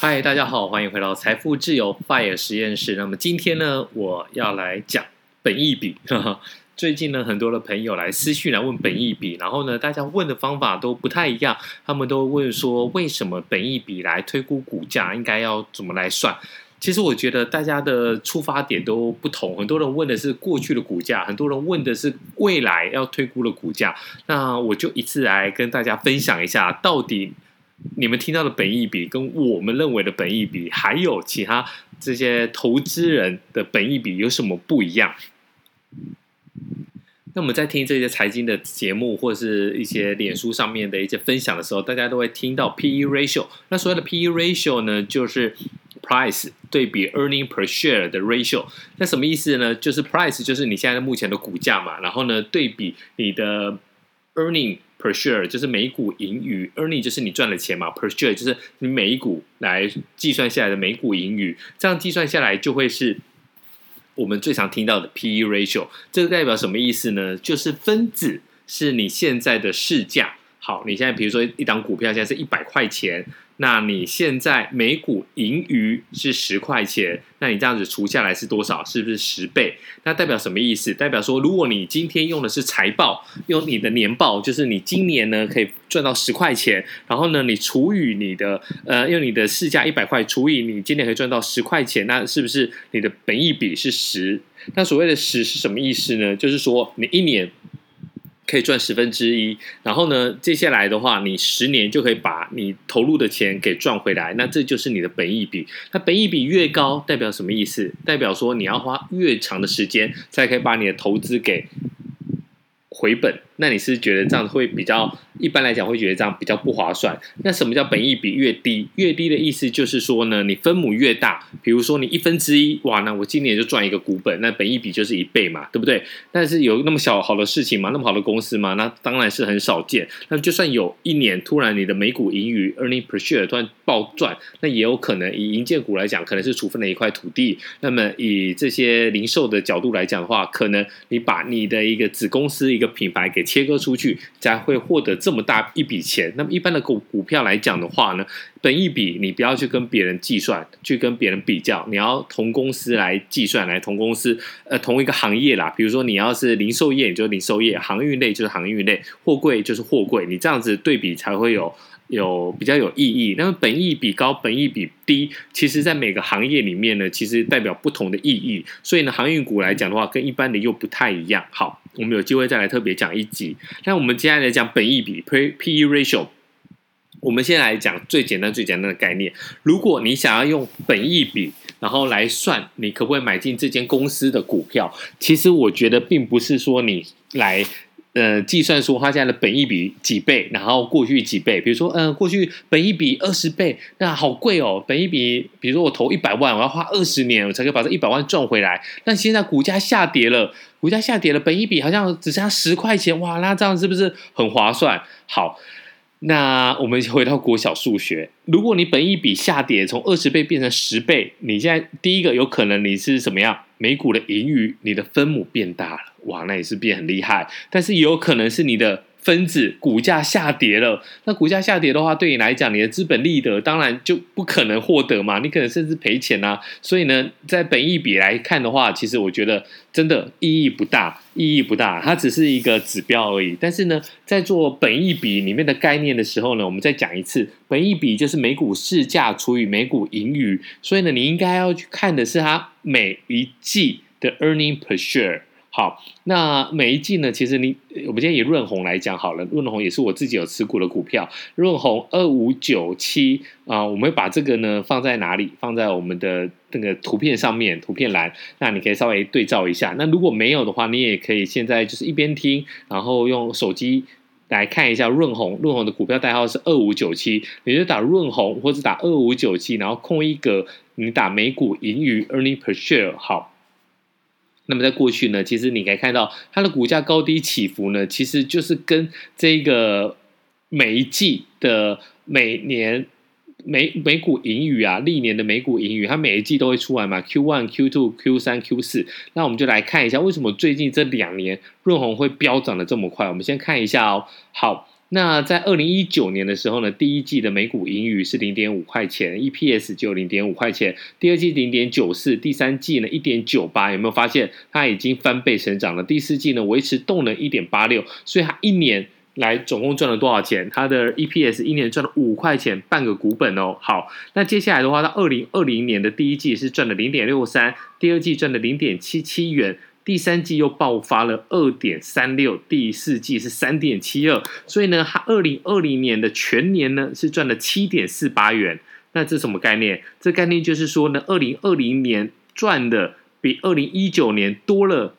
嗨，大家好，歡迎回到財富自由 fire 實驗室。那麼今天呢，我要來講本益比。呵呵，最近呢，很多的朋友來私訊來問本益比，然後呢，大家問的方法都不太一樣。他們都問說，為什麼本益比來推估股價應該要怎麼來算？其實我覺得大家的出發點都不同。很多人問的是過去的股價，很多人問的是未來要推估的股價。那我就一次來跟大家分享一下，到底。你們聽到的本益比跟我們認為的本益比，還有其他這些投資人的本益比有什麼不一樣？那我們在聽這些財經的節目，或者是一些臉書上面的一些分享的時候，大家都會聽到 P/E ratio。那所謂的 P/E ratio 呢，就是 Price 對比 Earning per share 的 ratio。那什麼意思呢？就是 Price 就是你現在目前的股價嘛，然後呢，對比你的 Earning。Per share 就是每股盈餘，Earning 就是你賺的錢嘛。Per share 就是你每一股來計算下來的每股盈餘，這樣計算下來就會是我們最常聽到的 PE ratio。這個代表什麼意思呢？就是分子是你現在的市價。好，你現在比如說一檔股票現在是一百塊錢。那你現在每股盈餘是十塊錢，那你這樣子除下來是多少？是不是十倍？那代表什麼意思？代表說，如果你今天用的是財報，用你的年報，就是你今年呢可以賺到十塊錢，然後呢你除以你的呃用你的市價一百塊除以你今年可以賺到十塊錢，那是不是你的本益比是十？那所謂的十是什麼意思呢？就是說你一年。可以賺十分之一，然後呢，接下來的話，你十年就可以把你投入的錢給賺回來，那這就是你的本益比。那本益比越高，代表什麼意思？代表說你要花越長的時間，才可以把你的投資給回本。那你是覺得這樣會比較，一般來講會覺得這樣比較不划算。那什麼叫本益比越低？越低的意思就是說呢，你分母越大，比如說你一分之一，哇，那我今年就賺一個股本，那本益比就是一倍嘛，對不對？但是有那麼小好的事情嘛，那麼好的公司嘛，那當然是很少見。那就算有一年突然你的每股盈餘 （earning per share） 突然暴賺，那也有可能以營建股來講，可能是處分了一塊土地。那麼以這些零售的角度來講的話，可能你把你的一個子公司一個品牌給。切割出去才會獲得這麼大一筆錢。那麼一般的股股票來講的話呢，本益比你不要去跟別人計算，去跟別人比較，你要同公司來計算，來同公司呃同一個行業啦。比如說你要是零售業，就零售業；航運類就是航運類；貨櫃就是貨櫃。你這樣子對比才會有。有比較有意義，那麼本益比高，本益比低，其實在每個行業裡面呢，其實代表不同的意義。所以呢，航運股來講的話，跟一般的又不太一樣。好，我們有機會再來特別講一集。那我們接下來講本益比 （PE Ratio）。我們先來講最簡單、最簡單的概念。如果你想要用本益比，然後來算你可不可以買進這間公司的股票，其實我覺得並不是說你來。呃，計算出它現在的本益比幾倍，然後過去幾倍。比如說，嗯、呃，過去本益比二十倍，那好貴哦。本益比，比如說我投一百萬，我要花二十年我才可以把這一百萬賺回來。但現在股價下跌了，股價下跌了，本益比好像只剩十塊錢。哇，那這樣是不是很划算？好。那我們回到國小數學，如果你本益比下跌，從二十倍變成十倍，你現在第一個有可能你是怎麼樣？每股的盈餘，你的分母變大了，哇，那也是變很厲害，但是也有可能是你的。分子股價下跌了，那股價下跌的話，對你來講，你的資本利得當然就不可能獲得嘛，你可能甚至賠錢吶、啊。所以呢，在本益比來看的話，其實我覺得真的意義不大，意義不大，它只是一個指標而已。但是呢，在做本益比裡面的概念的時候呢，我們再講一次，本益比就是每股市價除以每股盈餘，所以呢，你應該要去看的是它每一季的 earning per share。好，那每一季呢？其實你，我們今天以潤弘來講好了，潤弘也是我自己有持股的股票，潤弘二五九七啊，我們會把這個呢放在哪裡？放在我們的那個圖片上面，圖片欄。那你可以稍微對照一下。那如果沒有的話，你也可以現在就是一邊聽，然後用手機來看一下潤弘，潤弘的股票代號是二五九七，你就打潤弘或者打二五九七，然後空一格，你打每股盈餘 （earning per share） 好。那麼在過去呢，其實你可以看到它的股價高低起伏呢，其實就是跟這個每一季的每年每每股盈餘啊，歷年的每股盈餘，它每一季都會出來嘛，Q one、Q two、Q 三、Q 四，那我們就來看一下為什麼最近這兩年潤紅會飆漲得這麼快？我們先看一下哦，好。那在二零一九年的時候呢，第一季的每股盈餘是零點五塊錢，EPS 就零點五塊錢，第二季零點九四，第三季呢一點九八，有沒有發現它已經翻倍成長了？第四季呢維持動能一點八六，所以它一年來總共賺了多少錢？它的 EPS 一年賺了五塊錢，半個股本哦。好，那接下來的話，到二零二零年的第一季是賺了零點六三，第二季賺了零點七七元。第三季又爆發了二點三六，第四季是三點七二，所以呢，它二零二零年的全年呢是賺了七點四八元。那這是什麼概念？這概念就是說呢，二零二零年賺的比二零一九年多了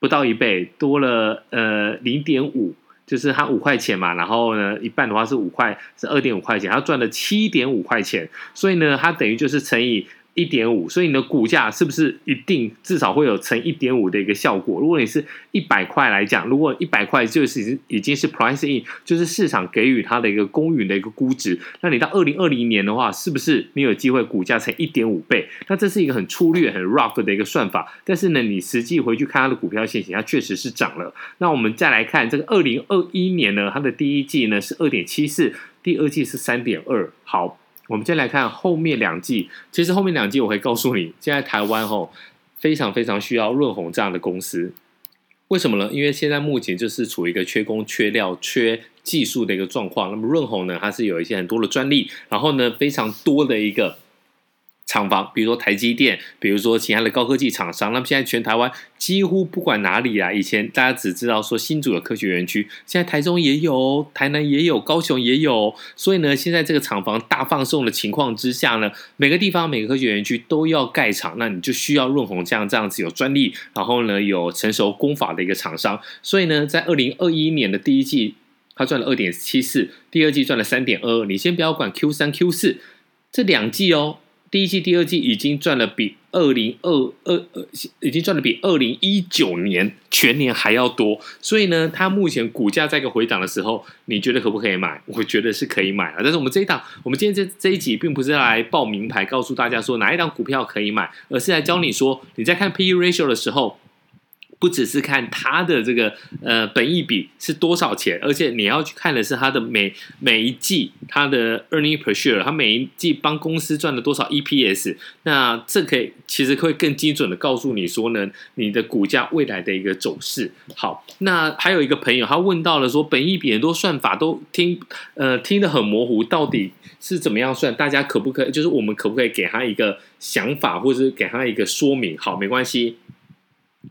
不到一倍，多了呃零點五，就是它五塊錢嘛，然後呢一半的話是五塊，是二點五塊錢，它賺了七點五塊錢，所以呢，它等於就是乘以。一點五，所以你的股價是不是一定至少會有乘一點五的一個效果？如果你是一百塊來講，如果一百塊就是已經是 price in，就是市場給予它的一個公允的一個估值，那你到二零二零年的話，是不是你有機會股價乘一點五倍？那這是一個很粗略、很 rough 的一個算法，但是呢，你實際回去看它的股票行情，它確實是漲了。那我們再來看這個二零二一年呢，它的第一季呢是二點七四，第二季是三點二。好。我們先來看後面兩季，其實後面兩季我會告訴你，現在台灣哦非常非常需要潤弘這樣的公司，為什麼呢？因為現在目前就是處於一個缺工、缺料、缺技術的一個狀況。那麼潤弘呢，它是有一些很多的專利，然後呢，非常多的一個。廠房，比如說台積電，比如說其他的高科技廠商。那麼現在全台灣幾乎不管哪裡啊，以前大家只知道說新竹的科學園區，現在台中也有，台南也有，高雄也有。所以呢，現在這個廠房大放送的情況之下呢，每個地方每個科學園區都要蓋廠，那你就需要潤鴻這樣這樣子有專利，然後呢有成熟工法的一個廠商。所以呢，在二零二一年的第一季，它賺了二點七四，第二季賺了三點二二。你先不要管 Q 三 Q 四這兩季哦。第一季、第二季已經賺了比二零二二呃，已經賺的比二零一九年全年還要多，所以呢，它目前股價在一個回檔的時候，你覺得可不可以買？我覺得是可以買了啊。但是我們這一檔，我們今天這這一集並不是來報名牌，告訴大家說哪一檔股票可以買，而是來教你說你在看 PE ratio 的時候。不只是看它的這個呃本益比是多少錢，而且你要去看的是它的每每一季它的 earning per share，它每一季幫公司賺了多少 EPS，那這可以其實可以更精準的告訴你說呢，你的股價未來的一個走勢。好，那還有一個朋友他問到了說，本益比很多算法都聽呃聽得很模糊，到底是怎麼樣算？大家可不可以就是我們可不可以給他一個想法，或是給他一個說明？好，沒關係。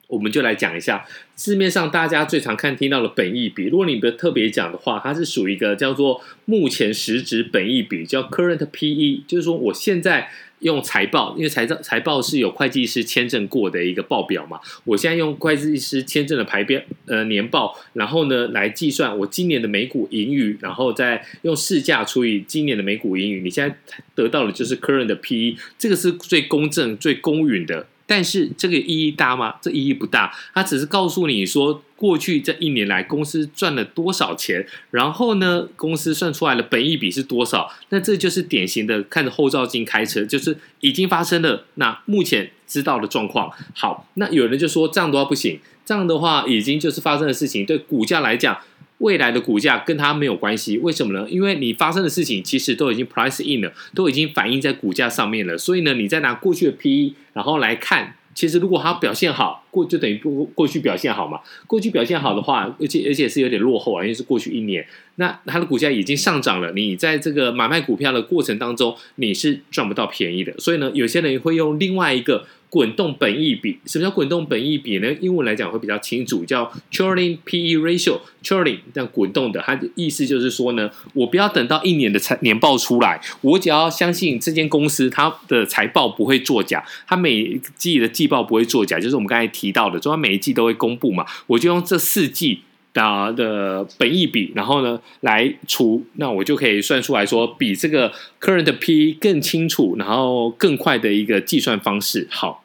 我們就來講一下市面上大家最常看聽到的本益比。如果你不特別講的話，它是屬於一個叫做目前市值本益比，叫 current PE。就是說，我現在用財報，因為財報財報是有會計師簽證過的一個報表嘛。我現在用會計師簽證的排表呃年報，然後呢來計算我今年的每股盈餘，然後再用市價除以今年的每股盈餘，你現在得到的就是 current PE。這個是最公正、最公允的。但是這個意義大嗎？這意義不大，它只是告訴你說過去這一年來公司賺了多少錢，然後呢，公司算出來了本益比是多少，那這就是典型的看着後照鏡開車，就是已經發生了。那目前知道的狀況。好，那有人就說這樣的話不行，這樣的話已經就是發生的事情，對股價來講。未來的股價跟它沒有關係，為什麼呢？因為你發生的事情其實都已經 price in 了，都已經反映在股價上面了。所以呢，你再拿過去的 PE，然後來看，其實如果它表現好。過就等於過過去表現好嘛？過去表現好的話，而且而且是有點落後啊，因為是過去一年，那它的股價已經上漲了。你在這個買賣股票的過程當中，你是賺不到便宜的。所以呢，有些人會用另外一個滾動本益比。什麼叫滾動本益比呢？英文來講會比較清楚，叫 Trailing PE Ratio，Trailing，這樣滾動的，它的意思就是說呢，我不要等到一年的財年報出來，我只要相信這間公司它的財報不會作假，它每季的季報不會作假，就是我們剛才提。提到的，所以每一季都會公布嘛，我就用這四季的的本益比，然後呢來除，那我就可以算出來說，比這個 current P 更清楚，然後更快的一個計算方式。好，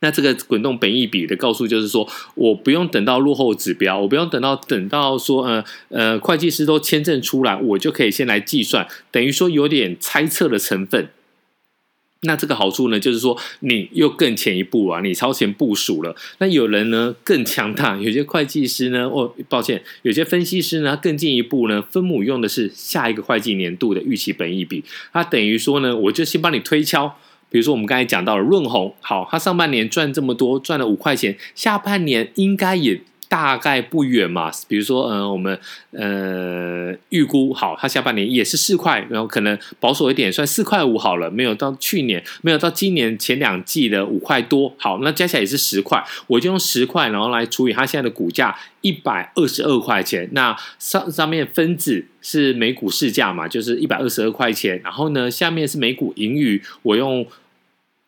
那這個滾動本益比的告訴就是說，我不用等到落後指標，我不用等到等到說，呃嗯、呃、會計師都簽證出來，我就可以先來計算，等於說有點猜測的成分。那這個好處呢，就是說你又更前一步啊，你超前部署了。那有人呢更強大，有些會計師呢，哦，抱歉，有些分析師呢更進一步呢，分母用的是下一個會計年度的預期本益比，它等於說呢，我就先幫你推敲。比如說我們剛才講到了潤紅，好，它上半年賺這麼多，賺了五塊錢，下半年應該也。大概不遠嘛，比如說，嗯、呃，我們呃預估好，它下半年也是四塊，然後可能保守一點算四塊五好了，沒有到去年，沒有到今年前兩季的五塊多，好，那加起來也是十塊，我就用十塊，然後來除以它現在的股價一百二十二塊錢，那上上面分子是每股市價嘛，就是一百二十二塊錢，然後呢下面是每股盈餘，我用。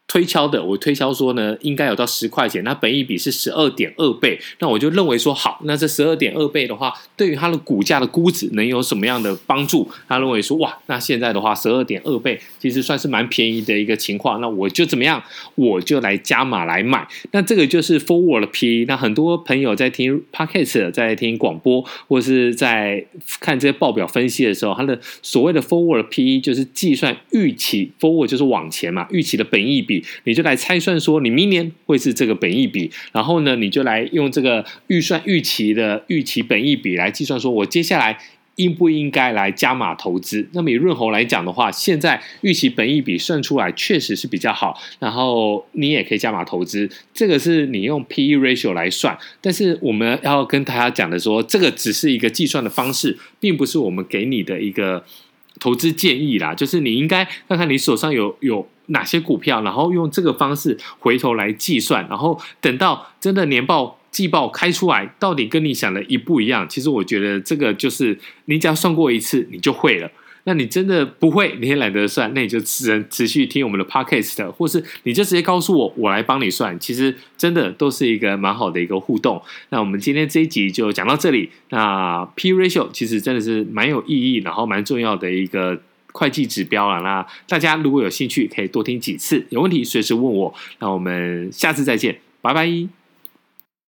推敲的，我推敲說呢，應該有到十塊錢，那本益比是十二點二倍，那我就認為說好，那這十二點二倍的話，對於它的股價的估值能有什麼樣的幫助？他認為說哇，那現在的話十二點二倍其實算是蠻便宜的一個情況，那我就怎麼樣，我就來加碼來買。那這個就是 forward PE。那很多朋友在聽 podcast 在聽廣播，或是在看這些報表分析的時候，他的所謂的 forward PE，就是計算預期，forward 就是往前嘛，預期的本益比。你就來猜算說，你明年會是這個本益比，然後呢，你就來用這個預算預期的預期本益比來計算，說我接下來應不應該來加碼投資？那麼以潤喉來講的話，現在預期本益比算出來確實是比較好，然後你也可以加碼投資。這個是你用 PE ratio 來算，但是我們要跟大家講的說，這個只是一個計算的方式，並不是我們給你的一個投資建議啦。就是你應該看看你手上有有。哪些股票？然後用這個方式回頭來計算，然後等到真的年報、季報開出來，到底跟你想的一不一樣？其實我覺得這個就是你只要算過一次，你就會了。那你真的不會，你也懶得算，那你就只能持續聽我們的 podcast，或是你就直接告訴我，我來幫你算。其實真的都是一個蠻好的一個互動。那我們今天這一集就講到這裡。那 P ratio 其實真的是蠻有意義，然後蠻重要的一個會計指標啦，那大家如果有興趣，可以多聽幾次。有問題隨時問我。那我們下次再見，拜拜。